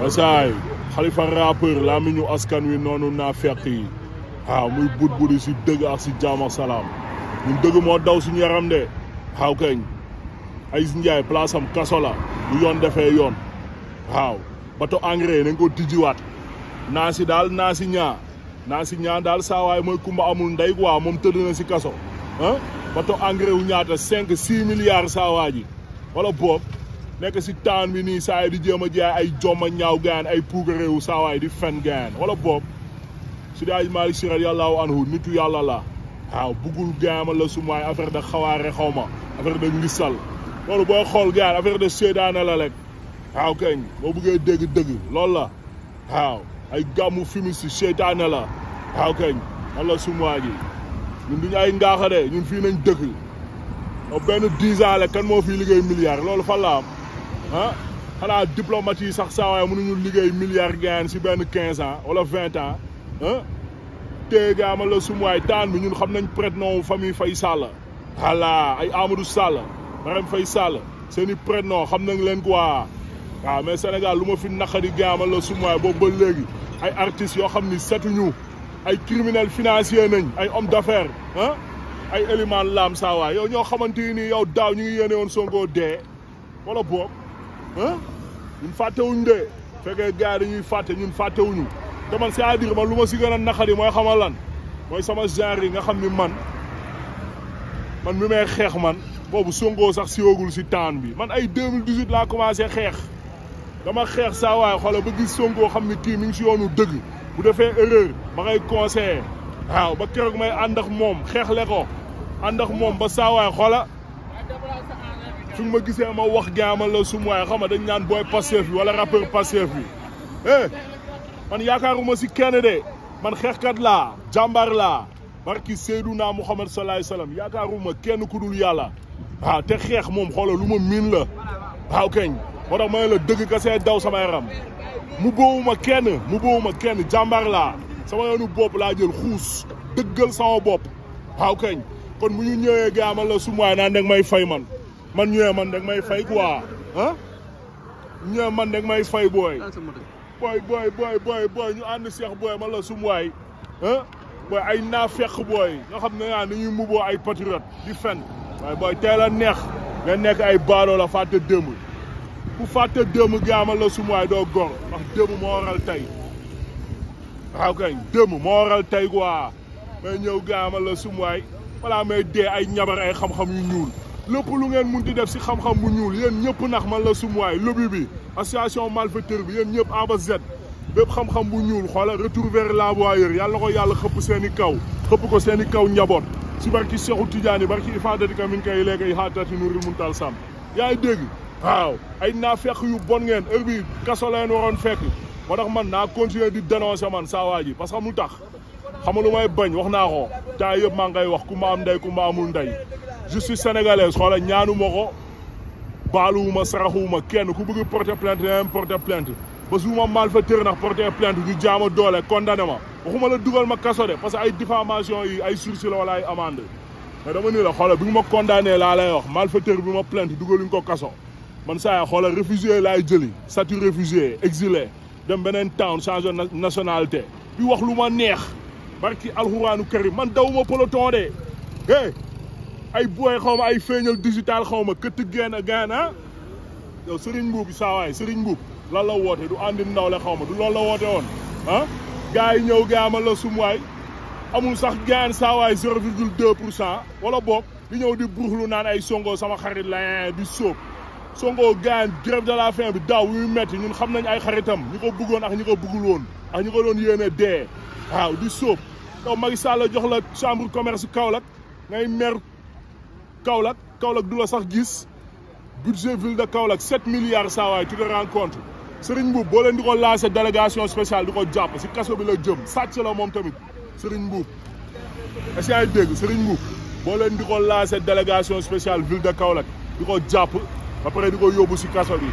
wasaay xalifa rappeur laa mi ñu askan wi noonu naa fekk yi waaw muy bud si dëgg ak si jaam salaam ñun dëgg moo daw suñu yaram de xaw kañ ay si njaay place am kaso yoon defee yoon waaw bato engrais nañ ko tijiwat naa si daal naa si ñaa naa si ñaa daal saawaay mooy kumba amul ndey waaw moom tëdd na si kaso ah bato engrais wu ñaata cinq six milliards saawaa ji wala boob nekk si taan bi nii saa di jéem a jaay ay jomma ñaaw gaan ay puugaréewu saa di fen gaan wala boob su dee ay Malick Sy radiyallaahu nitu yàlla la waaw buggul gaama la sumaay affaire de xawaare xaw ma affaire de ngisal loolu booy xool gaan affaire de séedaane la rek waaw kañ boo bëggee dëgg loolu la ay gàmmu fimis si séedaane la waaw kañ man ñun duñu ay ngaaxade ñun fii nañ dëkk benn dix ans la kan moo fi liggéey milliard loolu fan ah xanaa diplomate yi sax saa waaye mënuñu liggéey milliards gain si benn quinze ans wala vingt ans ah téegaama la sum waay taan bi ñun xam nañ prénom famille fay Sall voilà ay Amadou Sall Marème fay Sall seen i prénom xam nañ leen quoi waaw mais Sénégal lu ma fi naqari gaama a sum waay boobu ba léegi ay artistes yoo xam ni ñu ay criminels financiers nañ ay hommes d'affaires ah ay éléments laam saa waay yow ñoo xamante ni yow daaw ñu ngi yéene woon Sonko dee wala boog ah ñun fàttewuñ de fekkee gars yi ñuy fàtte ñun fàttewuñu te man si à dire man lu ma si gën a naqari mooy xam xamal lan mooy sama genre yi nga xam ni man man mi may xeex man boobu songoo sax si si taan bi man ay 2018 laa commencé xeex dama xeex saa waay xoolal ba gis Sonko xam ni kii mi ngi si yoonu dëgg bu defee erreur ba ngay waaw ba keroog may ànd moom xeexle ko ànd moom ba saa xoola fi ma gisee ma wax gaama la sumuwaay xam nga dañ naan booy Pastef bi wala rappeur Pastef man eh man si kenn de man xeexkat laa jàmbaar laa barki Seydunaa Muhammad salaay salaam yaakaaruma kenn ku dul yàlla waaw ah, te xeex moom xoola lu ma miin la waaw ah, keñ moo tax ma la dëgg ka see daw sama yaram mu boowuma kenn mu boowuma kenn jàmbaar laa sama yoonu bopp laa jël xuus dëggal sama bopp waaw ah, keñ kon mu ñu ñëwee gaama la sumuwaay nan deg man man ñu man dag may fay quoi ah ñu man dag may fay booy. booy booy booy booy ñu ànd seex booy man la sum waay ay naafeq booy nga xam ne yaa ni ñuy ay patriote di fen waaye booy teel a neex nekk ay baadoo la fàtte démb bu fàtte démb gaamal la sum waay doo gor ndax démb moo waral tey waaw kay démb moo waral may ñëw gaamal la sum waay may dee ay ñabar ay xam-xam yu ñuul lépp lu ngeen mun di def si xam-xam bu ñuul yéen ñëpp nax man la sumuwaay lobby bi association malfaiteur bi yéen ñëpp A ba Z bépp xam-xam bu ñuul xoola retour vers la voyeur yàlla na ko yàlla xëpp seen i kaw xëpp ko seen i kaw njaboot si barki Seexu Tijaani barki ifaadatika min koy léegi xaatati nuril muntal sàmm yaa ngi dégg ay naa fekk yu bon ngeen heure bi kaso leen waroon fekk moo tax man naa continuer di dénoncer man saa waa parce que mu tax xam nga lu may bañ wax naa ko taa yëpp maa ngay wax ku ma am ndey ku ma amul je suis sénégalaise xoola ñaanu ma ko baaluwuma saraxuwuma kenn ku bëgg porter plainte na porter plainte ba su ma malfaiteur nag porter plainte ñu jaama doole condamné ma waxuma la dugal ma kaso de parce que ay diffamation yi ay sursis la wala ay amende mais dama ni la xoola bi ma condamné laa lay wax malfaiteur bi ma plainte dugaluñ ko kaso man saa xoola réfugié laay jëli statut réfugié exilé dem beneen town changé nationalité bi wax lu ma neex barki alxuraanu karim man dawuma peloton de ay booy xaw ma ay feeñal digital xaw ma këtt geen a gaan ah yow Serigne Mbuub saawaay Serigne Mbuub lan la woote du andi ndaw la xaw ma du loolu la woote woon ah gars yi ñëw gaama la sumuwaay amul sax gaan saawaay zéro virgule deux pour cent wala boog di ñëw di buruxlu naan ay songo sama xarit la eh, di sóob songo gaan grève de la faim bi daaw yu metti ñun xam nañ ay xaritam ñi ko bëggoon ak ñi ko bëggul woon ak ñi ko doon yéene dee waaw di sóob yow Macky jox la chambre commerce Kaolack Kaolack Kaolack du la sax gis budget ville de Kaolack 7 milliards saa waay tu te rends compte boo leen di ko lancé délégation spéciale di ko jàpp si kaso bi la jëm sàcc la moom tamit Serigne Mbuub est-ce que dégg Serigne Mbuub boo leen di ko lancé délégation spéciale ville de Kaolack di ko jàpp ba pare di ko yóbbu si kaso bi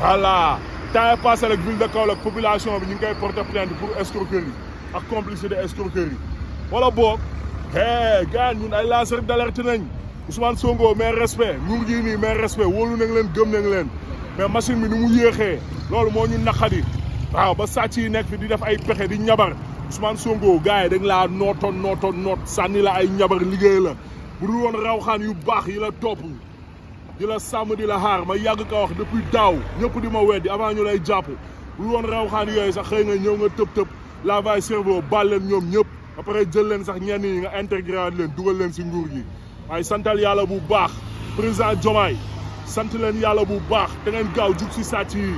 voilà temps passé rek ville de Kaolack population bi ñu ngi koy porter plainte pour a ak complicité de escroquerie wala boog eh gars ñun ay lanceur d'alerte nañ Ousmane Sonko mais respect nguur gii nii mais respect wóolu nañ leen gëm leen mais machine bi ni mu yéexee loolu moo ñu naqadi waaw ba sàcc yi nekk fi di def ay pexe di ñabar Ousmane Sonko gars yi dañ laa nootoon nootoon noot sànni la ay ñabar liggéey la bu dul woon rawxaan yu baax yi la topp di la sàmm di la xaar ma yàgg ka wax depuis daaw ñëpp di ma weddi avant ñu lay jàpp bu dul woon rawxaan yooyu sax xëy nga ñëw tëp tëb tëb lavage cerveau baal leen ñoom ñëpp ba pare jël leen sax ñenn yi nga intégré leen dugal leen si nguur gi ay santal yàlla bu baax président Diomaye sant leen yàlla bu baax da ngeen gaaw jug si sàcc yi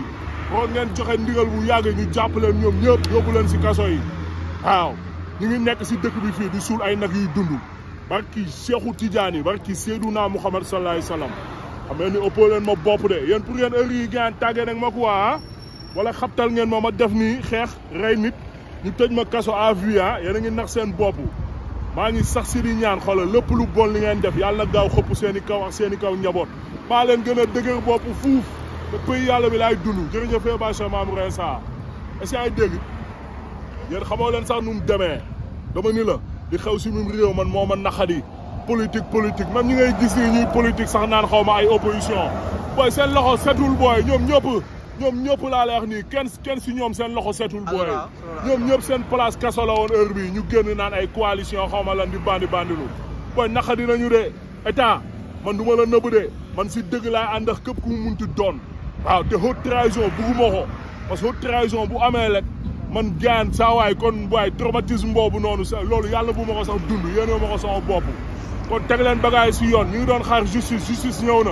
waroon ngeen joxe ndigal bu yàgg ñu jàpp leen ñoom ñëpp yóbbu leen si kaso yi waaw ñu nekk si dëkk bi fii di suul ay nag yuy dund barki Seexu Tijaani barki Seydunaa Muhammad sallallahu alayhi wasallam xam ngeen ni ëppoo leen ma bopp de yéen pour yéen heure yi gaan tàggee nag ma quoi ah wala xabtal ngeen ma ma def nii xeex rey nit ñu tëj ma kaso à vue ah yéen a seen bopp maa ngi sax si di ñaan xoolal lépp lu bon li ngeen def yàlla na gaaw xëpp seeni kaw ak seen kaw njaboot maa leen gën a dëgër bopp fuuf te pëy yàlla bi laay dund jërëjëfee ba sa maam René Sarr est-ce que ay dégg yéen xamoo leen sax nu mu demee dama ni la di xew si mim réew man moo ma naqadi politique man même ñi ngay gis ni ñuy politique sax naan xaw ma ay opposition booy seen loxo setul booy ñoom ñëpp ñoom ñëpp laa lay wax nii kenn kenn si ñoom seen loxo setul ah, booy ñoom ñëpp seen place kaso la woon heure ñu génn naan ay coalition xaw ma lan di bandi bandilu booy naqa de état man du ma la nëbb de man si dëgg laa ànd ak képp ku mu munti doon waaw te haute trahison bugguma ko parce que haute bu amee rek man gaan saa waay kon waay traumatisme boobu noonu sa loolu yàlla bu ma ko sax dund yéen ma ko sama bopp kon teg leen bagaay si yoon ñu ngi doon xaar justice justice ñëw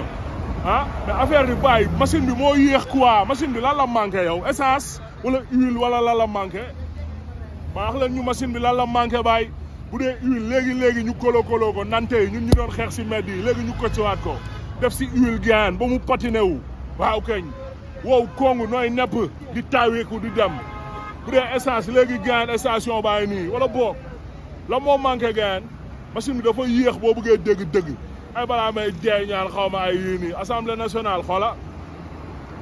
ah mais affaire bi bàyyi machine bi moo yéex quoi machine bi lan la manqué yow essence wala huile wala lan la manqué baax leen ñu machine bi lal la manqué bàyyi bu dee huile léegi léegi ñu kolo kolo ko yi ñun ñu doon xeex si mbedd léegi ñu kocciwaat ko def si huile gaan ba mu patiné wu waaw keñ wow kongu nooy di taaweeku di dem bu dee essence léegi gaan station bàyyi nii wala boog la moo manqué gaan machine bi dafa yéex boo bëggee dégg-dégg. ay balaa may jeey ñaar xaw ma ay yii nii assemblée nationale xoola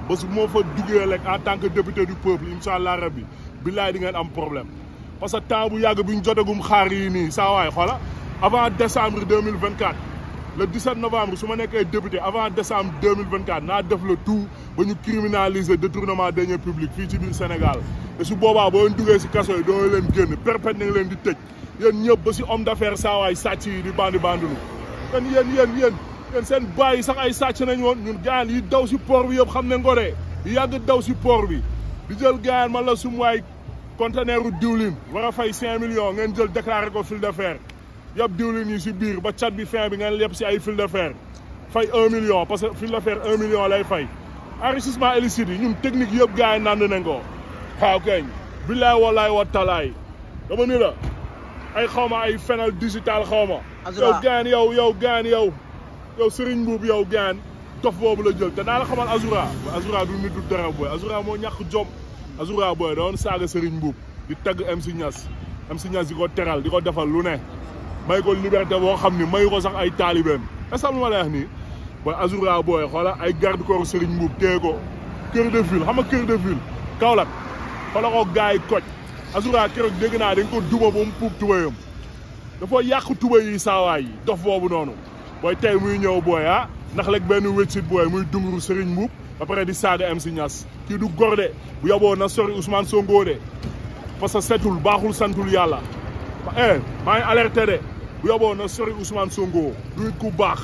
bés moo fa duggee rek en tant que député du peuple incha allah rabbi billaay di ngeen am problème parce que temps bu yàgg bi ñu jotagum xaar yii nii saa waay xoola avant décembre deux mille vingt quatre le novembre su ma nekkee député avant décembre deux mille vingt quatre naa def le tout ba ñu criminaliser détournement de deniers publics fii ci biir Sénégal te su boobaa boo leen si kaso yi doo leen génn perpète na nga leen di tëj yéen ñëpp ba homme d'affaires kan yéen yéen yéen yéen seen baay yi sax ay sàcc nañ woon ñun gaan yi daw si bi yëpp xam ne ngoree yi yàgg daw si port bi di jël gaan mala la sum waay conteneur diwlin war a fay cinq millions ngeen jël déclaré ko fil de fer yëpp diwlin yi si biir bi fin bi ngeen yëpp si ay fil de fer fay un million parce que fil de fer un million lay fay enrichissement illicite yi ñun technique yëpp gars yi nand nañ ko waaw kañ billaay dama ni ay xawma ay fenal digital xawma yow gaan yow yow gaan yow sëriñ Serigne Mbuub yow gaan dof boobu la jël te daa la xamal Azoura Azoura du nit du dara booy Azoura moo ñàkk jom Azoura booy doon saaga Serigne Mbuub di tagg MC Niass MC Niass di ko teral di ko defal lu ne may ko liberté boo xam ni mayu ko sax ay taalibeem est-ce que ma lay wax xoola ay garde corps Serigne Mbuub téye ko kër de ville xam kër de ville xoola ko gars yi a keroog dégg naa dañ ko duma ba puub tubayam dafa yàq tubay yi saawaay yi dof boobu noonu booy tey muy ñëw booy ah ndax lag benn wécsit booy muy dunguru Serigne Mbuub ba di saaga MC Niass kii du góor de bu yaboo na sori Ousmane Sonko de parce setul baaxul santul yàlla eh maa ngi de bu yaboo na sori Ousmane Sonko du nit ku baax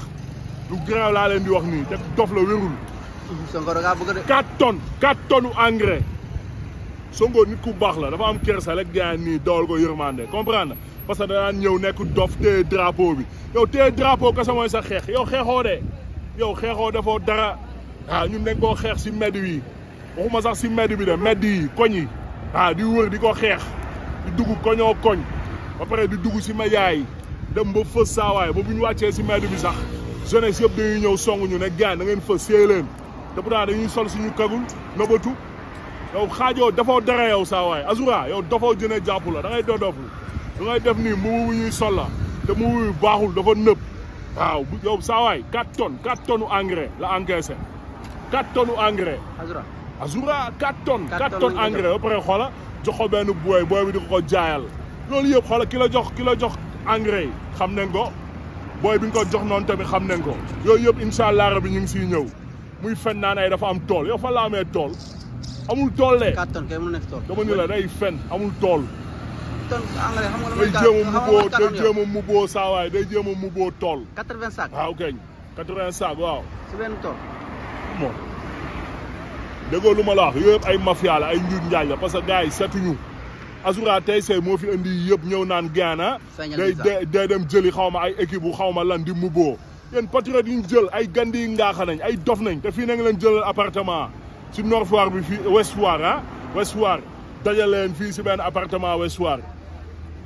du grève laa leen di wax nii te dof la wérul. Sonko da ngaa bëgg de. 4 tonnes 4 tonnes engrais. Sonko nit ku baax la dafa am kersa rek gars yi nii dawal ko yërmande comprendre parce que danaan ñëw nekk dof téye drapeau bi yow téye drapeau kese sax xeex yow xeexoo de yow xeexoo defoo dara ah ñun dañ koo xeex si mbedd yi waxuma sax si mbedd bi de mbedd yi koñ ah di wër di ko xeex di dugg koñoo koñ ba pare di dugg si média yi dem ba fës saawaay ba bu ñu wàccee si mbedd bi sax jeunesse yëpp dañuy ñëw songuñu ne gars da ngeen fës see leen te pourtant dañuy sol suñu kagul nëbatu yow xaajoo dafoo dara yow saa waay Azoura yow dafoo jëne jàpp la da ngay doodoofu da ngay def nii mu wu ñuy sol la te mu wu baaxul dafa nëb waaw yow saa waay 4 tonnes 4 tonnes engrais la encaissé 4 tonnes engrais. Azoura Azoura 4 tonnes. 4 tonnes engrais ba pare xoola jox ko benn boo booy bi di ko ko jaayal. loolu yëpp xoola ki la jox kilo jox engrais yi xam nañ ko booy bi nga ko jox noonu tamit xam nañ ko yooyu yëpp incha allah rabi ñu ngi siy ñëw muy fen naan dafa am tool yow fa la tool. amul tool de. 4 tonnes kay mun na dama ni la fen amul tool. tonne engrais xam nga lu muy gaaw muboo saa day jéem muboo tool. 80 sacs waaw keñ 80 sacs waaw. si tool. moom lu ma la wax yooyu ay mafia ay njuuj njaaj la parce que gars yi setuñu. Azoura tey say moo fi indi yëpp ñëw naan gaana day day dem jëli xaw ma ay équipe bu xaw ma lan di muboo. yéen patriotes yi ñu jël ay gandi yi ngaaxa nañ ay dof nañ te fii na nga leen jëlal appartement. ci Nord Foire bi fii Ouest Foire ah Ouest Foire dajal leen fii si benn appartement Ouest Foire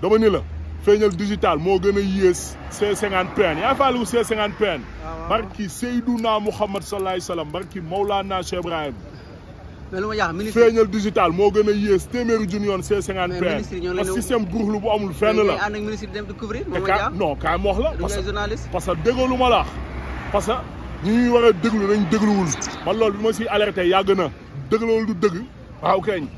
dama ni la feeñal digital moo gën a yées C50 PN yaa faaliwu C50 PN barki Seydouna Mouhamad sallallahu alayhi wasallam barki Mawlana Cheikh Ibrahim feeñal digital moo gën a yées téeméeri junni yoon C50 PN parce que système bu amul fenn la non kaay moox la parce que ma la parce ñi ñuy war a déglu dañ dégluwul man loolu bi ma siy alerté yàgg na dégloolu du dëgg waaw keeñ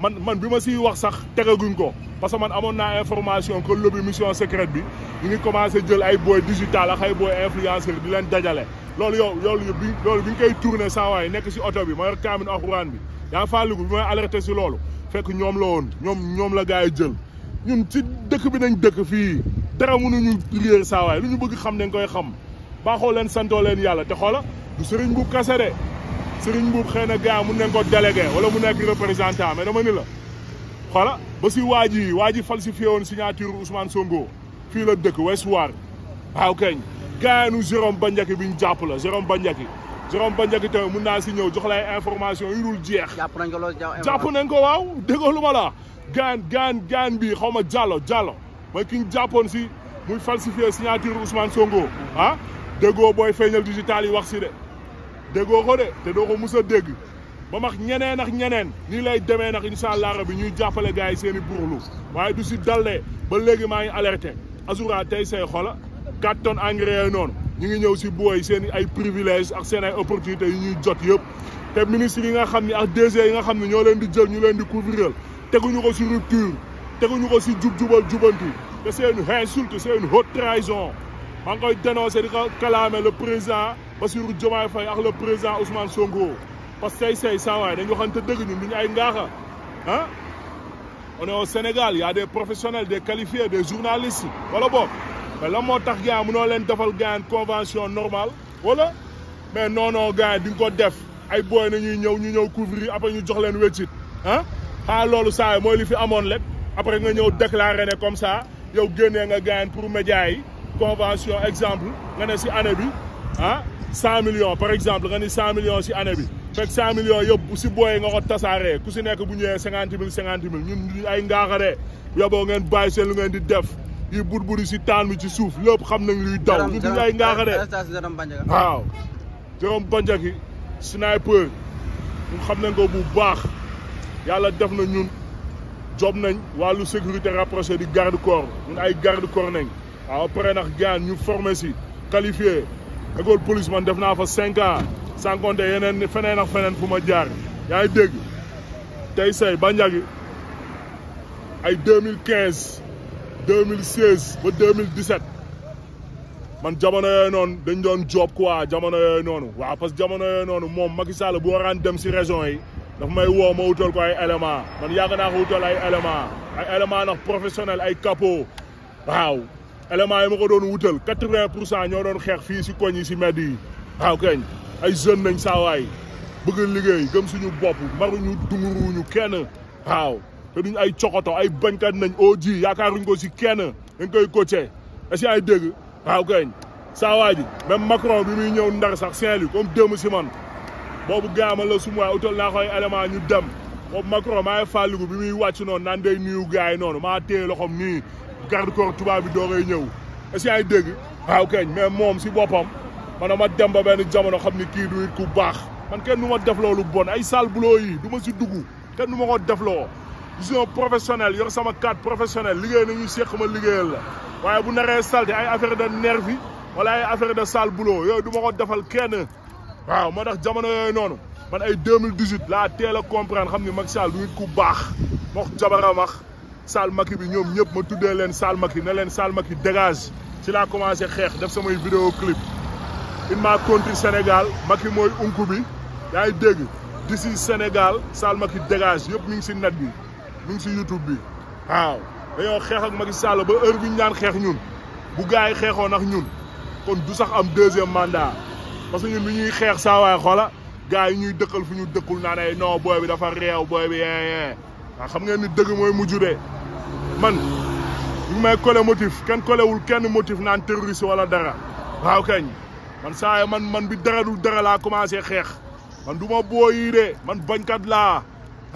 man man bi ma siy wax sax tegaguñ ko parce que man amoon naa information que lobby mission secrète bi ñu ngi commencé jël ay boy digital ak ay boy influenceur di leen dajale loolu yow loolu bi loolu bi ñu koy tourné saa waay nekk si oto bi ma yor kaamin alxuraan bi yaa fàlligu bi may alerté si loolu fekk ñoom la woon ñoom ñoom la gars yi jël ñun ci dëkk bi nañ dëkk fii dara mënuñu réer saa waay lu ñu bëgg xam dañ koy xam baaxoo leen santoo leen yàlla te xoola du sëriñ mbuub kase de sëriñ mbuub xëy na gars mun nañ ko délégué wala mu nekk représentant mais dama ni la xoola ba si waa ji waa ji falsifié woon signature Ousmane Sonko fii la dëkk Ouest Foire waaw keñ gaayanu Jérôme Bandiaky bi ñu jàpp la Jérôme Bandiaky Jérôme Bandiaky tamit mun naa si ñëw jox lay information yu dul jeex jàpp nañ ko waaw déggoo lu ma la gaan gaan gaan bi xaw ma jàllo jàllo mooy ki jàppoon si muy falsifié signature Ousmane Sonko ah. déggoo booy feeñal digital yi wax si de déggoo ko de te doo ko mus dégg ba max ñeneen ak ñeneen nii lay demee nag incha allah rabi ñuy jàppale gars yi seen i burlu waaye du si dal ba léegi maa ngi alerté Azoura tey say xola quatre tonnes engrais noon ñu ngi ñëw si booy seen ay privilèges ak seen ay opportunités yi ñuy jot yëpp te ministre yi nga xam ne ak DG yi nga xam ne ñoo leen di jël ñu leen di couvriral teguñu ko si rupture teguñu ko si jub jubal jubanti te c'est une insulte c'est une haute maa ngi koy dénoncé di kalaame le président Bassirou Diomaye Faye ak le président Ousmane Sonko parce que tey say saa waay dañu waxante dëgg ñun duñu ay ngaaxa ah on est Sénégal y a des professionnels des qualifiés des wala boog mais la moo tax gars mënoo leen defal gars convention normale wala mais non non gars di ko def ay booy na ñuy ñëw ñu ñëw couvrir après ñu jox leen wéccit ah xaa loolu saa mooy li fi amoon rek après nga ñëw déclaré ne comme ça yow génnee nga gars pour média yi. convention exemple nga ne si année bi ah cent millions par exemple nga ni cent si année bi fekk cent millions yëpp si booyee nga ko tasaaree ku si nekk bu ñëwee cinquante mille cinquante mille ñun ay ngaaxaree yoboo ngeen bàyyi seen lu ngeen di def yi bur si taan bi ci suuf lépp xam nañ luy daw ñun duñu ay ngaaxaree waaw Jérôme Bandiaky sniper ñun xam nañ ko bu baax yàlla def na ñun job nañ wàllu sécurité rapprochée di garde corps ñun ay garde corps nañ a après nax gaan ñu formé si qualifié école police man def naa fa cinq ans sans compter yeneen feneen ak feneen fu ma jaar yaa ngi dégg tey say Bandiagui ay deux mille quinze deux mille seize ba deux man jamono yooyu noonu dañ doon job quoi jamono yooyu noonu waaw parce que jamono noonu moom Macky Sall bu waraan dem si région yi dafa may woo ma wutal ko ay élément man yàgg naa ko wutal ay élément ay élément nag professionnel ay capot waaw éléments yi ma ko doon wutal quatre-vingt ñoo doon xeex fii si koñ yi si ay jeune nañ saawaay bëgg liggéey gëm suñu bopp maruñu dunguruñu kenn waaw te duñ ay cokoto ay bañkat nañ oo ji yaakaaruñ ko si kenn dañ koy coaché est-ce ay dégg waaw keñ saawaa ji même Macron bi muy ñëw ndar sax Saint-Louis comme si man boobu gaama la sumuwaay utal naa koy élément ñu dem boobu Macron maa ngi fàlligu bi muy wàcc noonu naan day nuyu gars yi noonu ma téye loxoom nii garde corps tubaab bi dooree ñëw est-ce que yaay dégg mais moom si boppam man dama dem ba benn jamono xam ni kii du ku baax man kenn du ma def loolu bon ay sale boulot du ma si dugg kenn du ma ko def loo vision professionnelle yor sama cadre professionnel liggéey nañu seq ma liggéeyal la waaye bu naree salté ay affaire de nervi wala ay affaire de sale boulot yooyu du ma ko defal kenn waaw ma tax jamono yooyu noonu man ay 2018 laa teel a comprendre xam ni Macky Sall du nit baax Saal Macky bi ñoom ñëpp ma tuddee leen Saal Macky ne leen Saal Macky dégage ci laa commencé xeex daf samay vidéo clip il m'a contre Sénégal Macky mooy unku bi yaa ngi dégg d'ici Sénégal Saal Macky dégage yëpp mi ngi si net bi mi ngi si YouTube bi waaw dañoo xeex ak Macky Sall ba heure bi ñu xeex ñun bu gars yi xeexoon ak ñun kon du sax am deuxième mandat parce que ñun bi ñuy xeex saa waay xoola gars yi ñuy dëkkal fu ñu dëkkul naan ay booy bi dafa réew booy bi yee eh, eh. waaw ah, xam ngeen ni dëgg mooy mujj de man ñu may collé motif kenn collé wul kenn motif naan terroriste wala dara waaw kañ man saa man man bi dara dul dara laa commencé xeex man du ma boo de man bañkat la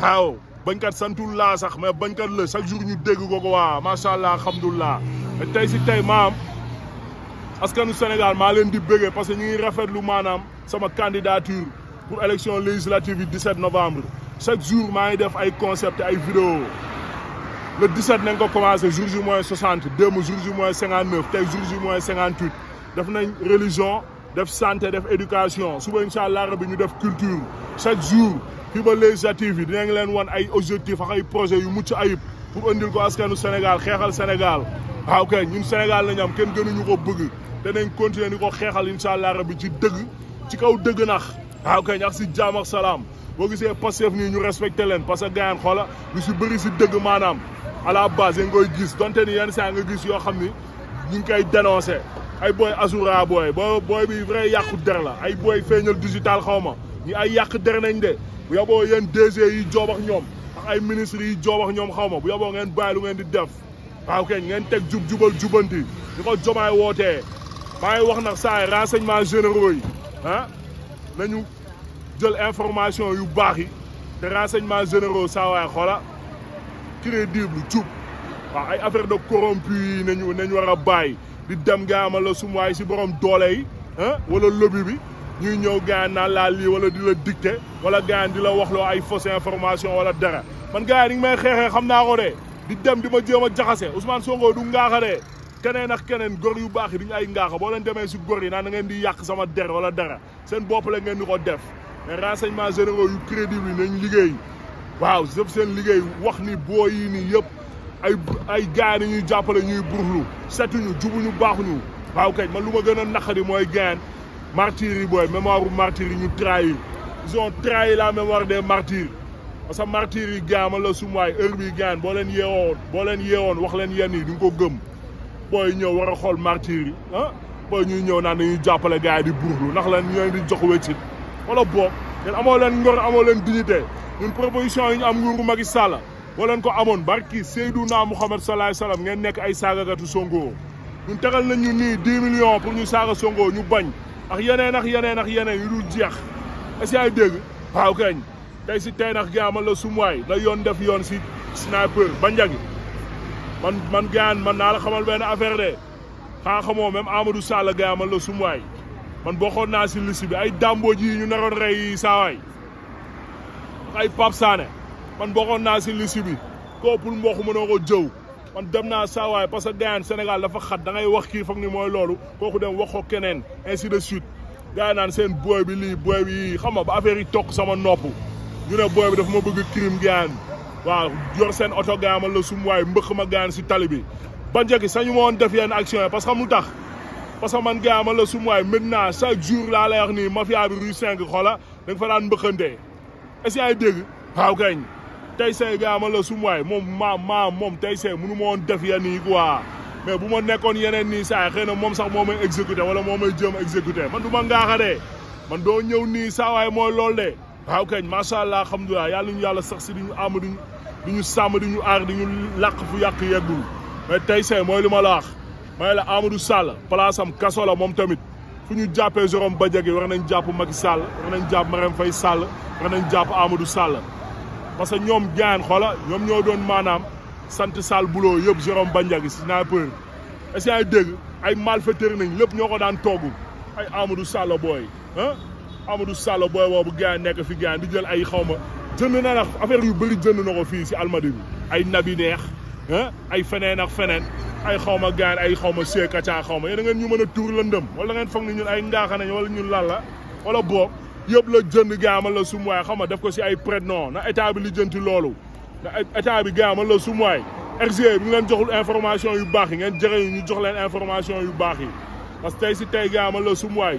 waaw bañkat santul la sax mais bañkat la chaque jour ñu dégg ko ko waa macha allah alhamdulilah mais tey si tey maam askanu Sénégal maa leen di bëggee parce que ñu ngi rafetlu maanam sama candidature pour élection législative yi 17 novembre. chaque jour maa ngi def ay concept ay vidéo le 17 nañ ko commencé jour ju moins 60 démb jour ju moins 59 tey jour ju moins 58 def nañ religion def santé def éducation suba incha allah rabi ñu def culture chaque jour fii ba législative yi dinañ leen wan ay objectifs ay projets yu mucc ayib pour andil ko askanu Sénégal xeexal Sénégal waaw ok ñun Sénégal lañ am kenn gënuñu ko bëgg danañ continuer di ko xeexal incha allah rabi ci dëgg ci kaw dëgg nax waaw si jaam salaam. boo gisee Pastef nii ñu respecté leen parce que gars yi xoola lu si bëri si dëgg maanaam à la base nga koy gis donte ni yenn saa nga gis yoo xam ni ñu ngi ay booy Azoura booy booy booy bi vrai yàqu der la ay booy feeñal digital xaw ma ñu ay yàq der nañ de bu yoboo yéen DG yi joob ñoom ak ay ministres yi joob ñoom xaw ma bu yoboo ngeen bàyyi lu ngeen di def waaw keñ ngeen teg jub jubal jubanti ñu ko jomaay wootee maa ngi wax nag saa yi renseignements généraux yi ah jël information yu baax yi te renseignement généraux saa xoola crédible jub waaw ay affaire de corrompu yi nañu war a baay di dem nga mala la si borom doole yi ah wala lobby bi ñuy ñëw gaan naan laa lii wala di la dicté wala gaan di la waxloo ay fos information wala dara man gaan yi ngi may xeexee xam naa ko de di dem di ma jéem a jaxase Ousmane Sonko du ngaaxa de keneen ak keneen góor yu baax yi duñu ay ngaaxa boo leen demee si góor yi naan na ngeen di yàq sama der wala dara seen bopp la ngeen di def mais renseignements généraux yu crédible yi nañ liggéey waaw jëf seen liggéey wax ni boo ni yëpp ay ay ñu yi ñuy jàppale ñuy buruxlu setuñu jubuñu baaxuñu waaw kay man lu ma gën a naqari mooy gaan martyrs yi booy mémoire bu martyrs yi ñu trahir ils ont trahi la mémoire des martyrs parce que martyrs yi gaan man la sumuwaay heure gaan boo leen yeewoon boo leen yeewoon wax leen yenn yi du ko gëm booy ñëw war a xool martyrs yi ah booy ñuy ñëw naan dañuy jàppale gars yi di buruxlu ndax lan ñooy di jox weccit wala boog yéen amoo leen ngor amoo leen dignité ñun proposition yi ñu am nguuru Macky Sall boo leen ko amoon barki Seydouna Mouhamed salaay salaam ngeen nekk ay saagagatu Sonko ñun tegal nañ ñu nii 10 millions pour ñu saaga Sonko ñu bañ ak yeneen ak yeneen ak yeneen yu dul jeex est-ce que yaay dégg waaw kañ tey si tey nag gaa ma la sumuwaay la yoon def yoon si sniper ba njagi man man gaan man naa la xamal benn affaire de xaa xamoo même Amadou Sall gaa ma la man bokkoon naa si liste bi ay dàmbooj ñu naroon rey saawaay ay Pape Sané man bokkoon naa si liste bi koo pour mboq mënoo ko jëw man dem naa saawaay parce que gayaan Sénégal dafa xat da ngay wax kii ni mooy loolu kooku dem wax ko keneen ainsi de suite gars naan seen booy bi lii booy bi xam nga ba affaire yi toog sama nopp ñu ne booy bi dafa ma bëgg crime gayaan waaw yor seen oto gayaan man la waay mbëq ma gayaan si tali bi ba njëkk sañu ma woon def yenn action parce que xam tax parce man gars ma la su waay maintenant chaque jour laa lay wax nii mafia bi rue 5 xola da fa daan mbëkkante est-ce ay dégg waaw kañ tey say gars ma la su waay moom ma ma moom tey say mënu ma woon def yenn yi quoi bu ma nekkoon yeneen nii saa xëy na moom sax moo may exécuté wala moo may jëm exécuté man du ma ngaaxa de man doo ñëw nii saa waay mooy loolu de waaw kañ macha allah alhamdulilah yàlla ñu yàlla sax si di ñu am di ñu sàmm di ñu aar di ñu làq fu yàq yeggul mais tey li ma may la Amadou Sall place am la moom tamit fu ñu jàppee Jérôme Badiagé war nañ jàpp Macky Sall war nañ jàpp Marème Faye Sall war nañ jàpp Amadou Sall parce que ñoom gaan xoola ñoom ñoo doon maanaam sant Sall buloo yëpp Jérôme Badiagé sniper est-ce ay dégg ay malfaiteur nañ lépp ñoo ko daan toogu ay Amadou Sall booy ah Amadou Sall booy boobu gaan nekk fi gaan di jël ay xaw ma jënd na nag affaire yu bëri jënd na ko fii si Almadies ay nabi neex ay feneen ak feneen ay xaw ma gaan ay xaw ma seekacaa xaw ma yéen da ngeen ñu mën a tuur lëndëm wala da ngeen foog ni ñun ay ngaaxa nañ wala ñun lan la wala boob yëpp la jënd gaamal la sum waay xaw ma def ko si ay prête-nom na état bi li jënti loolu na état bi gaamal la sum waay RG bi ngeen joxul information yu baax yi ngeen jëre ñu jox leen information yu baax yi parce que tey si tey gaamal la sum waay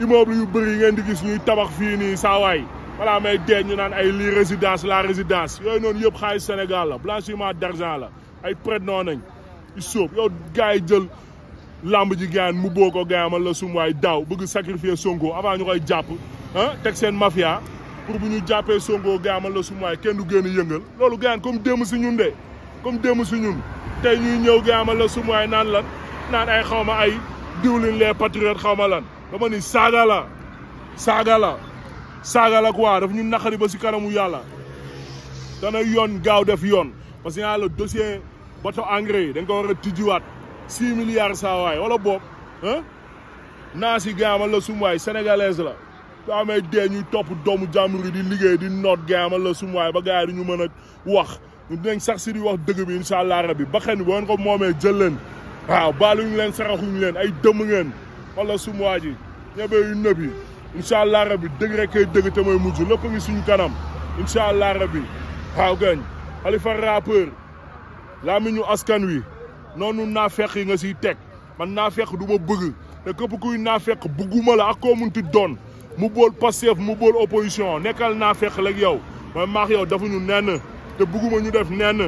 immeuble yu bëri yi ngeen di gis ñuy tabax fii nii saawaay balaa may dee ñu naan ay lii résidence la résidence yooyu noonu yëpp xaalis Sénégal la blanchiment d'argent la ay prête noo nañ yo sóob jël lamb ji gaan mu boo ko gaayamal la sum waay daaw bëgg Sonko avant ñu koy jàpp ah teg seen mafia pour bu ñu jàppee Sonko gaayamal la sum kenn du gën a yëngal loolu gaan comme démb si ñun de comme démb si ñun tey ñuy ñëw gaayamal la sum waay naan lan ay xaw ay diwlin les patriotes xaw ma lan ni saaga la saaga la quoi ñu naqari ba si kanamu yàlla dana yoon gaaw def yoon parce que yàlla dossier bato engrais yi da ko war a tijjiwaat six milliards saa waay wala boob ah naa si gaamal la sumuwaay sénégalaise la soo amee dee ñuy topp doomu jàmbur yi di liggéey di noot gaamal la sumuwaay ba gars yi ñu mën a wax ñu dinañ sax si di wax dëgg bi incha allah ba xen boo ko moomee jël leen waaw baaluñu leen saraxuñu leen ay dëmm ngeen wala sumuwaay ji ñebe yu nëb incha allah rabi dëgg rek kay dëgg te mooy mujj lépp ngi suñu kanam incha allah rabi waaw gañ Khalifa rappeur laa mi ñu askan wi noonu naa fekk yi nga siy teg man naa fekk du ma bëgg te képp kuy naa fekk bëgguma la ak koo doon mu bool Pastef mu bool opposition nekkal naa fekk lak yow man maax yow dafa ñu nenn te bëgguma ñu def nenn